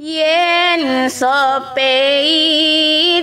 yéen soppe yi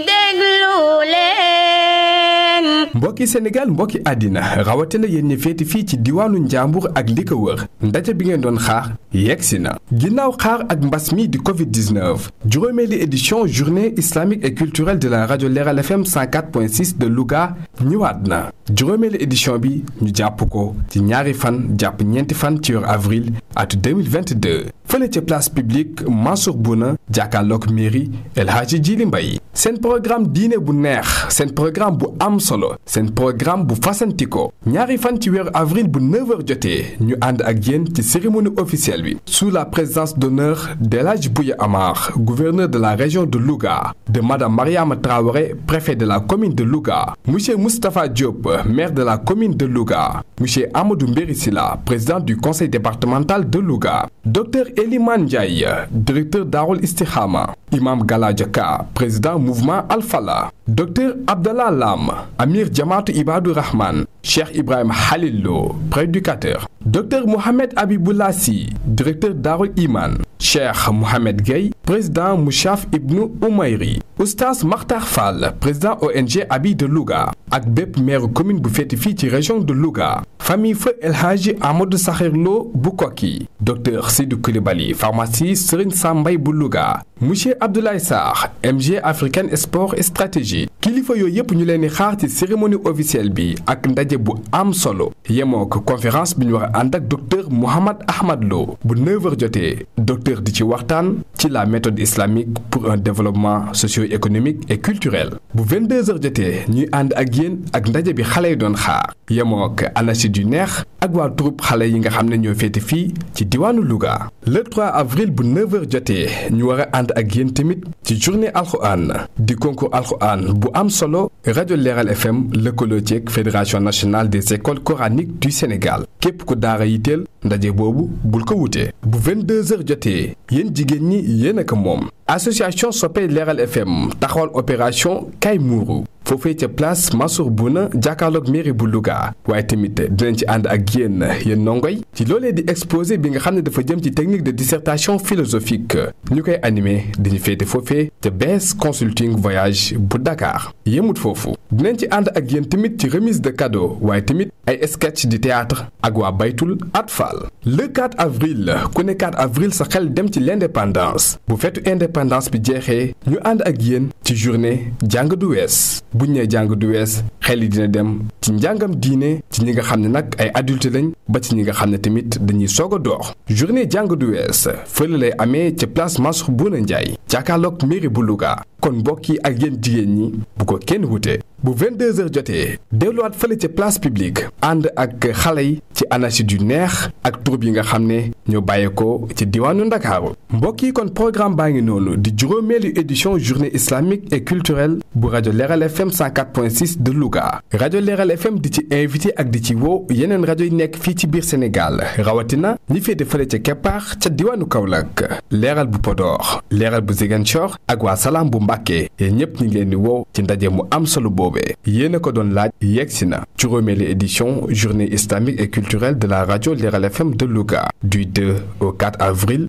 mbokki Sénégal mbokki àddina rawatina yéen ñi féete fii ci diwaanu Njàmbur ak li ko wër ndaje bi ngeen doon xaar yegsi na. ginnaaw xaar ak mbas mi di Covid 19 juróomeeli édition journée islamique et culturelle de la rajo Leral FM 104.6 de Louga ñëwaat na. juróomeeli édition bi ñu jàpp ko ci ñaari fan jàpp ñeenti fan ci yor avril at 2022. fële ca place publique Mansourbouna jàkkaarloog mairie El Hadji Djili Mbaye seen programme diine bu neex seen programme bu am solo seen programme bu fasantikoo ñaari fan ci weeru avril bu 9h jotee ñu ànd ak jéen ci cérémonie officielle bi sous la présence d'honneur d'El Hadji Bouya Amar gouverneur de la région de Louga de madame Mariama Traoré préfet de la commune de Louga monsieur Moustapha Diop maire de la commune de Louga monsieur amadu Mbéry Sylla président du conseil départemental de Louga docteur Eliman Ndiaye directeur Daarul Istikhama imam Galaja Ka président mouvement Alfala docteur Abdallah Lam amir Jamaatu Ibadu Rahman Cheikh Ibrahim Khalil Lo prédicateur docteur Mohamed Abibullah Sy directeur Daarul Iman Cheikh Mohamed Gueye président Mouchaf Ibnu Oumayri oustaz Makhtar Fall président ONG Abi de Louga ak bépp meeru commune bu féete fii ci région de Louga famille feu El Hadji Amadou Sakhir Lo bu Koki docteur Sidou Coulibaly pharmacie Serigne sambay bu Louga monsieur Abdoulaye Sarr MG African Sport et Stratégie kilifa yooyu yëpp ñu leen di xaar ci cérémonie officielle bi ak ndaje bu am solo yemoo ko conférence bi ñu war a ànd ak docteur Mouhamad Ahmad Lo bu 9h jotee docteur di ci waxtaan ci la méthode islamique pour un développement socio-économique et culturel bu 22h jotee ñuy ànd ak yéen ak ndaje bi xale yi doon xaar yemoo ak yu neex ak waa troupe xale yi nga xam ne ñoo féete fii ci diwaanu Louga le 3 avril bu 9h jotee ñu war a ànd ak yéen tamit ci journée alxuraan di concours alxuraan bu am solo rajo Leeral FM lëkkaloo ceeg fédération nationale des écoles coraniques du Sénégal képp ko daara yitteel ndaje boobu bul ko wutee bu 22h jotee yéen jigéen ñi yéen ak moom association soppe Leeral FM taxawal opération Kay Muuru foofee ca place bu na jàkkaarloog mairie bu Louga waaye tamit dinañ ci ànd ak yéen yéen ndongoy ci loolee di exposé bi nga xam ne dafa jëm ci technique de dissertation philosophique ñu koy animé dañu féete foofee ca BES consulting voyage bu Dakar yemut foofu dinañ ci ànd ak yéen tamit ci remise de cadeau waaye tamit ay sketch di théâtre ak waa Baytul Atfal le 4 avril ku ne 4 avril sa xel dem ci l'indépendance bu fetu indépendance bi jeexee ñu ànd ak yéen ci journée jàng wees buñ nee jàng du wees xel yi dina dem ci njàngam diine ci ñi nga xam ne nag ay adulte lañ ba ci ñi nga xam ne tamit dañuy soog a doox journée jàng du wees fële lay amee ca place Mansour Bouna Ndiaye jàkkaarloog mairie bu Louga kon mbokk yi ak yéen jigéen ñi bu ko kenn wute bu 22h jotee delluwaat fële ca place publique ànd ak xale yi ci anachid yu neex ak troupe yi nga xam ne ñoo ko ci diwaanu Ndakaaru mbokk yi kon programme baa ngi noonu di juróomeelu édition journée islamique et culturelle bu rajo Leral FM 104.6 de Louga rajo Leral FM di ci invité ak di ci woo yeneen rajo yi nekk fii ci biir Sénégal rawatina ñi féete fële ca Keppaax ca diwaanu Kaolack leeral bu Podor leeral bu Ziguinchor ak waa Salaam bu Mbàkke yéen ñëpp ñu ngi leen di wow ci ndaje mu am solo boobee yéen a ko doon laaj yegsi na juróomeelu édition journée islamique et culturelle de la radio Leral FM de Louga du 2 au avril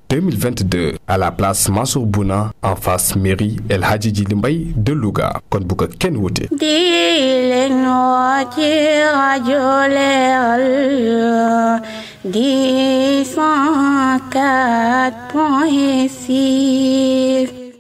à la place Mansour Bouna en face mairie El Hadji Djily de Louga kon bu ko kenn wute di leen di 104